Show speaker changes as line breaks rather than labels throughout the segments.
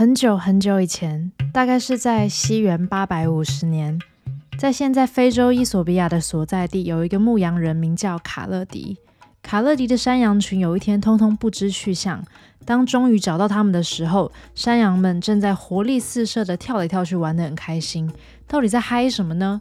很久很久以前，大概是在西元八百五十年，在現在非洲伊索比亞的所在地，有一個牧羊人名叫卡勒迪。卡勒迪的山羊群有一天通通不知去向。當終於找到他們的時候，山羊們正在活力四射地跳來跳去，玩得很開心。到底在嗨什麼呢？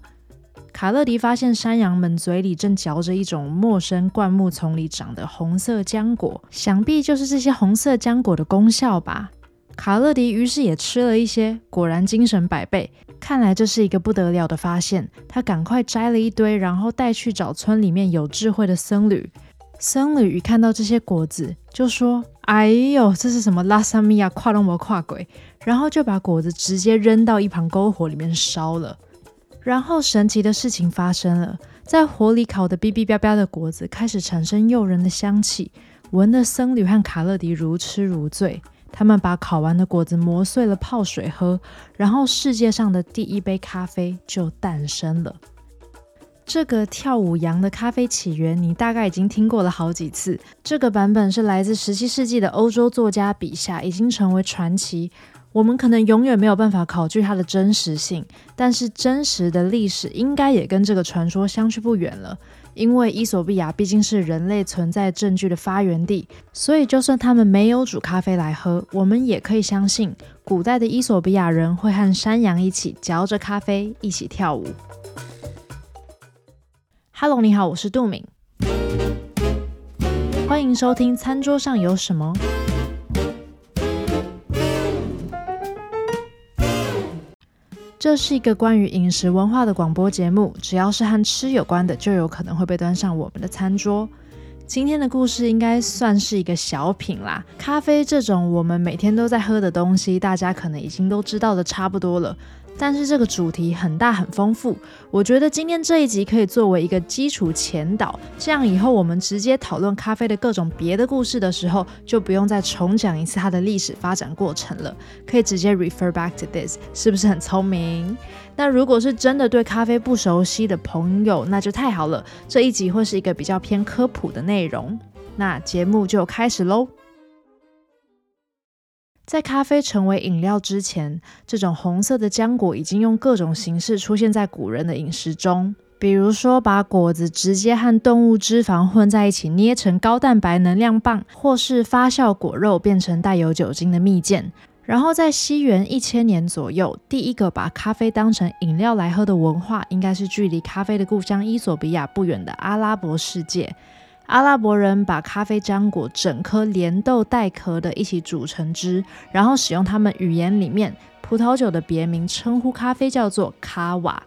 卡勒迪發現山羊們嘴裡正嚼着一種陌生灌木叢裡長的紅色漿果，想必就是這些紅色漿果的功效吧。卡勒迪於是也吃了一些，果然精神百倍。看來這是一個不得了的發現。他趕快摘了一堆，然後帶去找村裡面有智慧的僧侶。僧侶一看到這些果子，就說：“哎呦，這是什麼拉薩米亞？跨龍膜跨鬼！”然後就把果子直接扔到一旁篝火裡面燒了。然後神奇的事情發生了，在火裡烤的嗶嗶啪啪的果子開始產生誘人的香氣，聞得僧侶和卡勒迪如痴如醉。他們把烤完的果子磨碎了泡水喝，然後世界上的第一杯咖啡就誕生了。這個跳舞羊的咖啡起源，你大概已經聽過了好幾次。這個版本是來自十七世紀的歐洲作家筆下，已經成為傳奇。我們可能永遠沒有辦法考據它的真實性，但是真實的歷史應該也跟這個傳說相去不遠了。因為伊索比亞畢竟是人類存在證據的發源地，所以就算他們沒有煮咖啡來喝，我們也可以相信古代的伊索比亞人會和山羊一起嚼着咖啡一起跳舞。Hello，你好，我是杜明。歡迎收聽《餐桌上有什麼》。這是一個關於飲食文化的廣播節目，只要是和吃有關的，就有可能會被端上我們的餐桌。今天的故事應該算是一個小品啦。咖啡這種我們每天都在喝的東西，大家可能已經都知道的差不多了。但是這個主題很大很豐富，我覺得今天這一集可以作為一個基礎前導，這樣以後我們直接討論咖啡的各種別的故事的時候，就不用再重講一次它的歷史發展過程了，可以直接 refer back to this，是不是很聰明？那如果是真的對咖啡不熟悉的朋友，那就太好了，這一集會是一個比較偏科普的內容，那節目就開始嘍。在咖啡成為飲料之前，這種紅色的漿果已經用各種形式出現在古人的飲食中，比如說把果子直接和動物脂肪混在一起捏成高蛋白能量棒，或是發酵果肉變成帶有酒精的蜜餞。然後在西元一千年左右，第一個把咖啡當成飲料來喝的文化，應該是距離咖啡的故鄉伊索比亞不遠的阿拉伯世界。阿拉伯人把咖啡漿果整顆連豆帶殼的一起煮成汁，然後使用他們語言裡面葡萄酒的別名稱呼咖啡叫做卡瓦。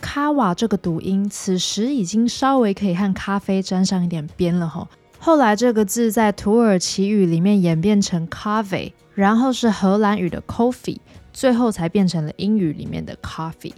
卡瓦這個讀音，此時已經稍微可以和咖啡沾上一點邊了吼。後來這個字在土耳其語裡面演變成 kahve，然後是荷蘭語的 coffee，最後才變成了英語裡面的 coffee。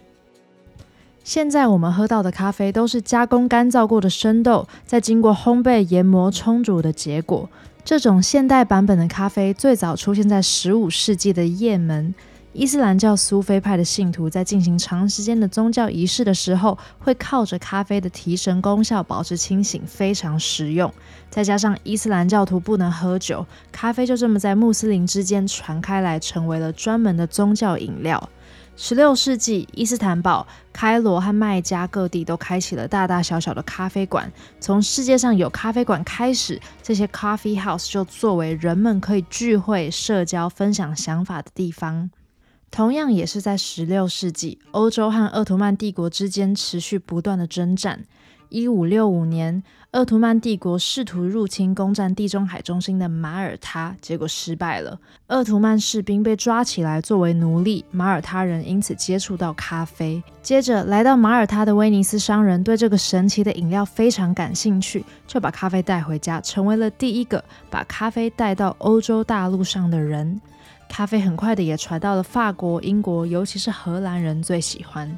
現在我們喝到的咖啡都是加工乾燥過的生豆，再經過烘焙、研磨、沖煮的結果。這種現代版本的咖啡最早出現在15世紀的葉門，伊斯蘭教蘇菲派的信徒在進行長時間的宗教儀式的時候，會靠着咖啡的提神功效保持清醒，非常實用。再加上伊斯蘭教徒不能喝酒，咖啡就這麼在穆斯林之間傳開來，成為了專門的宗教飲料。十六世紀，伊斯坦堡、開羅和麥加各地都開啟了大大小小的咖啡館。從世界上有咖啡館開始，這些咖啡 house 就作為人們可以聚會、社交、分享想法的地方。同樣也是在十六世紀，歐洲和鄂圖曼帝國之間持續不斷的征戰，一五六五年，鄂圖曼帝國試圖入侵攻占地中海中心的馬爾他，結果失敗了。鄂圖曼士兵被抓起來作為奴隸，馬爾他人因此接觸到咖啡。接着來到馬爾他的威尼斯商人對這個神奇的飲料非常感興趣，就把咖啡帶回家，成為了第一個把咖啡帶到歐洲大陸上的人。咖啡很快的也傳到了法國、英國，尤其是荷蘭人最喜歡。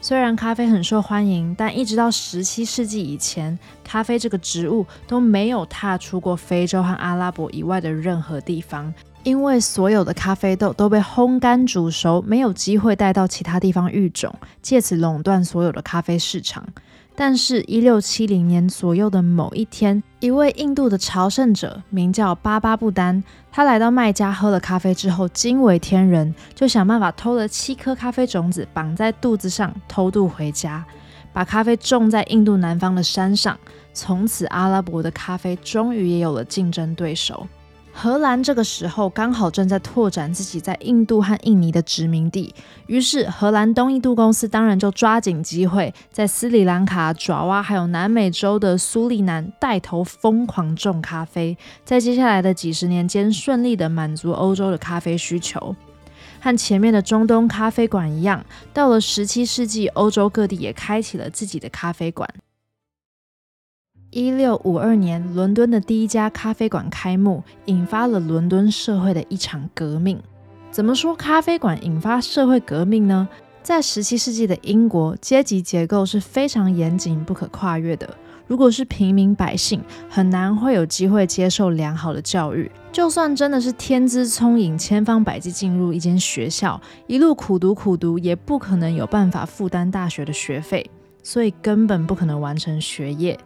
雖然咖啡很受歡迎，但一直到十七世紀以前，咖啡這個植物都沒有踏出過非洲和阿拉伯以外的任何地方，因為所有的咖啡豆都被烘乾煮熟，沒有機會帶到其他地方育種，借此壟斷所有的咖啡市場。但是，一六七零年左右的某一天，一位印度的朝聖者名叫巴巴布丹，他來到麥加喝了咖啡之後，驚為天人，就想辦法偷了七顆咖啡種子，綁在肚子上偷渡回家，把咖啡種在印度南方的山上。從此，阿拉伯的咖啡終於也有了競爭對手。荷蘭這個時候剛好正在拓展自己在印度和印尼的殖民地，於是荷蘭東印度公司當然就抓緊機會，在斯里蘭卡、爪哇還有南美洲的蘇利南帶頭瘋狂種咖啡，在接下來的幾十年間順利地滿足歐洲的咖啡需求。和前面的中東咖啡館一樣，到了十七世紀，歐洲各地也開啟了自己的咖啡館。一六五二年，倫敦的第一家咖啡館開幕，引發了倫敦社會的一場革命。怎麼說咖啡館引發社會革命呢？在十七世紀的英國，階級結構是非常嚴謹、不可跨越的。如果是平民百姓，很難會有機會接受良好的教育。就算真的是天資聰穎，千方百計進入一間學校，一路苦讀苦讀，也不可能有辦法負擔大學的學費，所以根本不可能完成學業。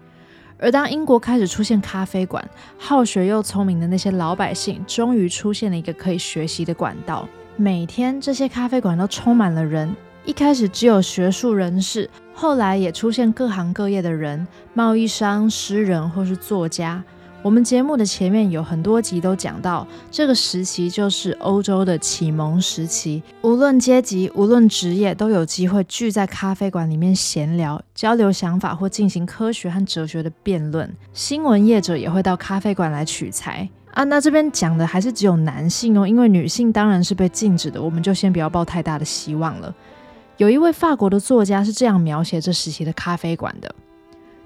而當英國開始出現咖啡館，好學又聰明的那些老百姓，終於出現了一個可以學習的管道。每天，這些咖啡館都充滿了人。一開始只有學術人士，後來也出現各行各業的人，貿易商、詩人或是作家。我們節目的前面有很多集都講到，這個時期就是歐洲的啟蒙時期，無論階級、無論職業，都有機會聚在咖啡館裡面閒聊、交流想法或進行科學和哲學的辯論。新聞業者也會到咖啡館來取材。啊，那這邊講的還是只有男性哦，因為女性當然是被禁止的，我們就先不要抱太大的希望了。有一位法國的作家是這樣描寫這時期的咖啡館的。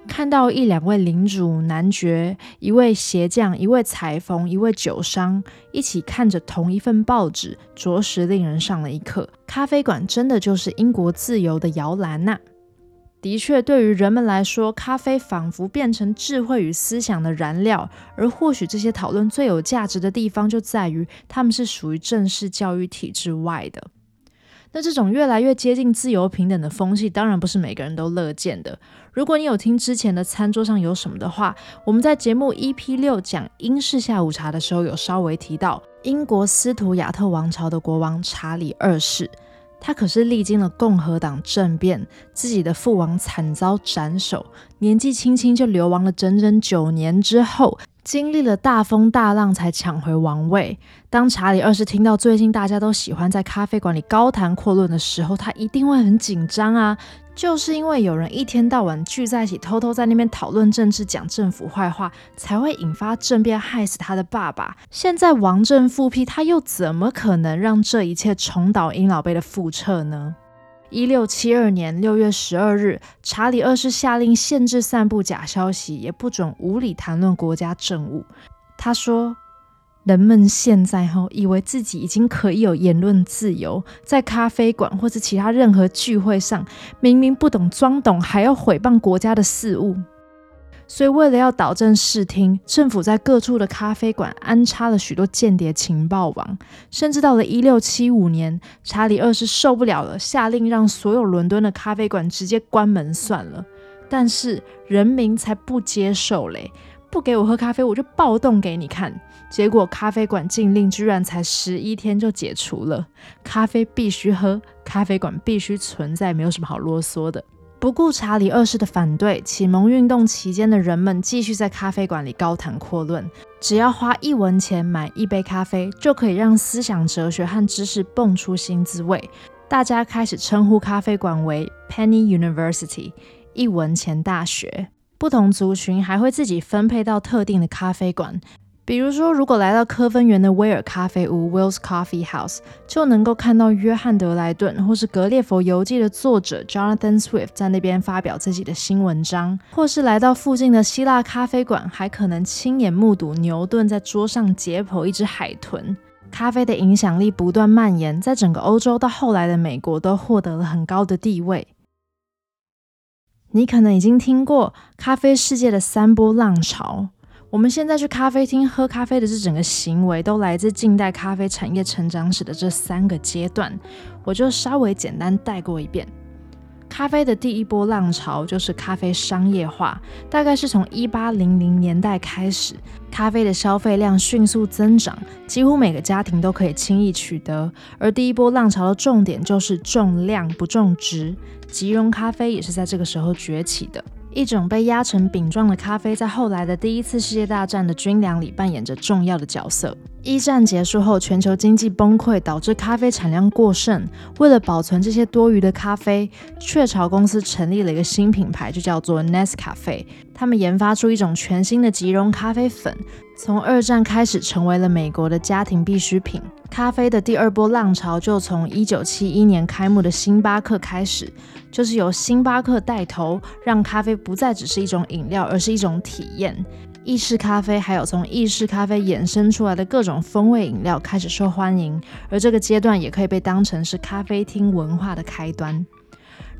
看到一兩位領主、男爵，一位鞋匠，一位裁縫，一位酒商，一起看着同一份報紙，着實令人上了一課。咖啡館真的就是英國自由的搖籃吶、啊！的確，對於人們來說，咖啡仿佛變成智慧與思想的燃料。而或許這些討論最有價值的地方，就在於他們是屬於正式教育體制外的。那這種越來越接近自由平等的風氣，當然不是每個人都樂見的。如果你有聽之前的《餐桌上有什麼》的話，我們在節目 EP 六講英式下午茶的時候，有稍微提到英國斯圖亞特王朝的國王查理二世，他可是歷經了共和黨政變，自己的父王慘遭斬首，年紀輕輕就流亡了整整九年之後。經歷了大風大浪才搶回王位。當查理二世聽到最近大家都喜歡在咖啡館裡高談闊論的時候，他一定會很緊張啊！就是因為有人一天到晚聚在一起，偷偷在那邊討論政治、講政府壞話，才會引發政變，害死他的爸爸。現在王政復辟，他又怎麼可能讓這一切重蹈英老輩的覆轍呢？一六七二年六月十二日，查理二世下令限制散布假消息，也不准無理談論國家政務。他說：“人們現在、哦、以為自己已經可以有言論自由，在咖啡館或者其他任何聚會上，明明不懂裝懂，還要毀謗國家的事物。”所以，為了要導正視聽，政府在各處的咖啡館安插了許多間諜情報網，甚至到了一六七五年，查理二世受不了了，下令讓所有倫敦的咖啡館直接關門算了。但是人民才不接受嘞、欸，不給我喝咖啡，我就暴動給你看。結果咖啡館禁令居然才十一天就解除了，咖啡必須喝，咖啡館必須存在，沒有什麼好囉嗦的。不顧查理二世的反對，啟蒙運動期間的人們繼續在咖啡館裡高談闊論。只要花一文錢買一杯咖啡，就可以讓思想、哲學和知識蹦出新滋味。大家開始稱呼咖啡館為 Penny University，一文錢大學。不同族群還會自己分配到特定的咖啡館。比如說，如果來到科芬園的威爾咖啡屋 （Will's Coffee House），就能夠看到約翰·德萊頓或是《格列佛遊記》的作者 Jonathan Swift 在那邊發表自己的新文章；或是來到附近的希臘咖啡館，還可能親眼目睹牛頓在桌上解剖一隻海豚。咖啡的影響力不斷蔓延，在整個歐洲到後來的美國都獲得了很高的地位。你可能已經聽過咖啡世界的三波浪潮。我們現在去咖啡廳喝咖啡的這整個行為，都來自近代咖啡產業成長史的這三個階段，我就稍微簡單帶過一遍。咖啡的第一波浪潮就是咖啡商業化，大概是從一八零零年代開始，咖啡的消費量迅速增長，幾乎每個家庭都可以輕易取得。而第一波浪潮的重點就是重量不重質，即溶咖啡也是在這個時候崛起的。一種被壓成餅狀的咖啡，在後來的第一次世界大戰的軍糧裡扮演着重要的角色。一戰結束後，全球經濟崩潰，導致咖啡產量過剩。為了保存這些多餘的咖啡，雀巢公司成立了一個新品牌，就叫做 Nescafé。他們研發出一種全新的即溶咖啡粉。從二戰開始，成為了美國的家庭必需品。咖啡的第二波浪潮就從一九七一年開幕的星巴克開始，就是由星巴克帶頭，讓咖啡不再只是一種飲料，而是一種體驗。意式咖啡，還有從意式咖啡衍生出來的各種風味飲料開始受歡迎，而這個階段也可以被當成是咖啡廳文化的開端。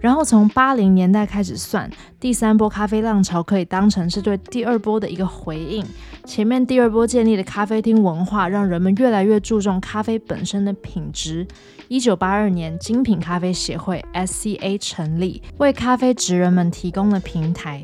然後從八零年代開始算，第三波咖啡浪潮可以當成是對第二波的一個回應。前面第二波建立的咖啡廳文化，讓人們越來越注重咖啡本身的品質。一九八二年，精品咖啡協會 （SCA） 成立，為咖啡職人們提供了平台。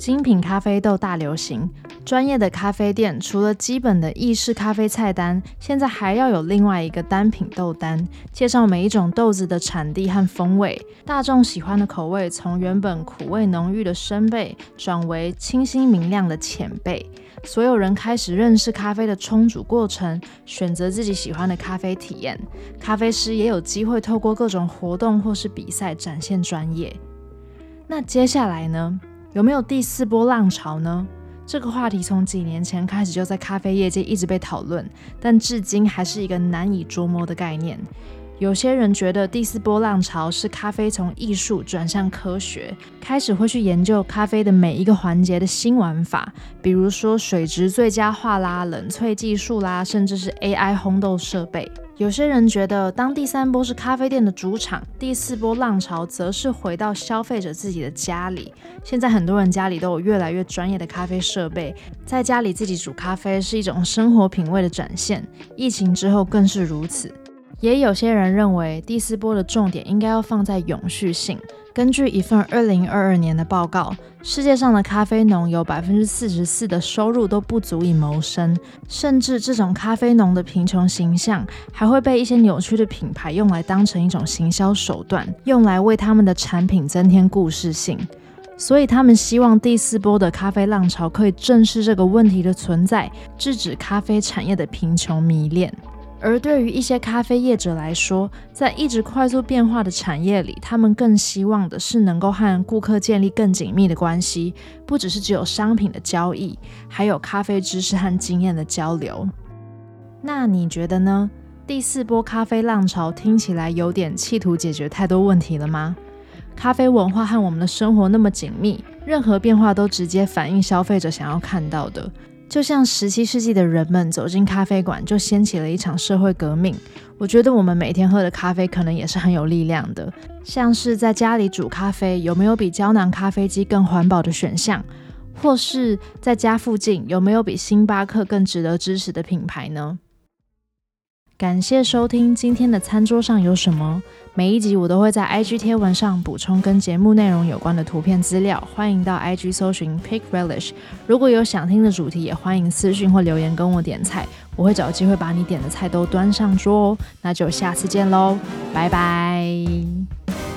精品咖啡豆大流行，專業的咖啡店除了基本的意式咖啡菜單，現在還要有另外一個單品豆單，介紹每一種豆子的產地和風味。大眾喜歡的口味從原本苦味濃郁的深焙轉為清新明亮的淺焙。所有人開始認識咖啡的沖煮過程，選擇自己喜歡的咖啡體驗。咖啡師也有機會透過各種活動或是比賽展現專業。那接下來呢？有沒有第四波浪潮呢？這個話題從幾年前開始就在咖啡業界一直被討論，但至今還是一個難以捉摸的概念。有些人覺得第四波浪潮是咖啡從藝術轉向科學，開始會去研究咖啡的每一個環節的新玩法，比如說水質最佳化啦、冷萃技術啦，甚至是 AI 烘豆設備。有些人覺得，當第三波是咖啡店的主場，第四波浪潮則是回到消費者自己的家裡。現在很多人家裡都有越來越專業的咖啡設備，在家裡自己煮咖啡是一種生活品味的展現，疫情之後更是如此。也有些人認為，第四波的重點應該要放在永續性。根據一份二零二二年的報告，世界上的咖啡農有百分之四十四的收入都不足以謀生，甚至這種咖啡農的貧窮形象還會被一些扭曲的品牌用來當成一種行銷手段，用來為他們的產品增添故事性。所以他們希望第四波的咖啡浪潮可以正視這個問題的存在，制止咖啡產業的貧窮迷戀。而對於一些咖啡業者來說，在一直快速變化的產業裡，他們更希望的是能夠和顧客建立更緊密的關係，不只是只有商品的交易，還有咖啡知識和經驗的交流。那你覺得呢？第四波咖啡浪潮聽起來有點企圖解決太多問題了嗎？咖啡文化和我們的生活那麼緊密，任何變化都直接反映消費者想要看到的。就像十七世紀的人們走進咖啡館，就掀起了一場社會革命，我覺得我們每天喝的咖啡可能也是很有力量的。像是在家裡煮咖啡，有沒有比膠囊咖啡機更環保的選項？或是在家附近有沒有比星巴克更值得支持的品牌呢？感謝收聽今天的餐桌上有什麼？每一集我都會在 IG 貼文上補充跟節目內容有關的圖片資料，歡迎到 IG 搜尋 Pick Relish。如果有想聽的主題，也歡迎私訊或留言跟我點菜，我會找機會把你點的菜都端上桌哦。那就下次見嘍，拜拜。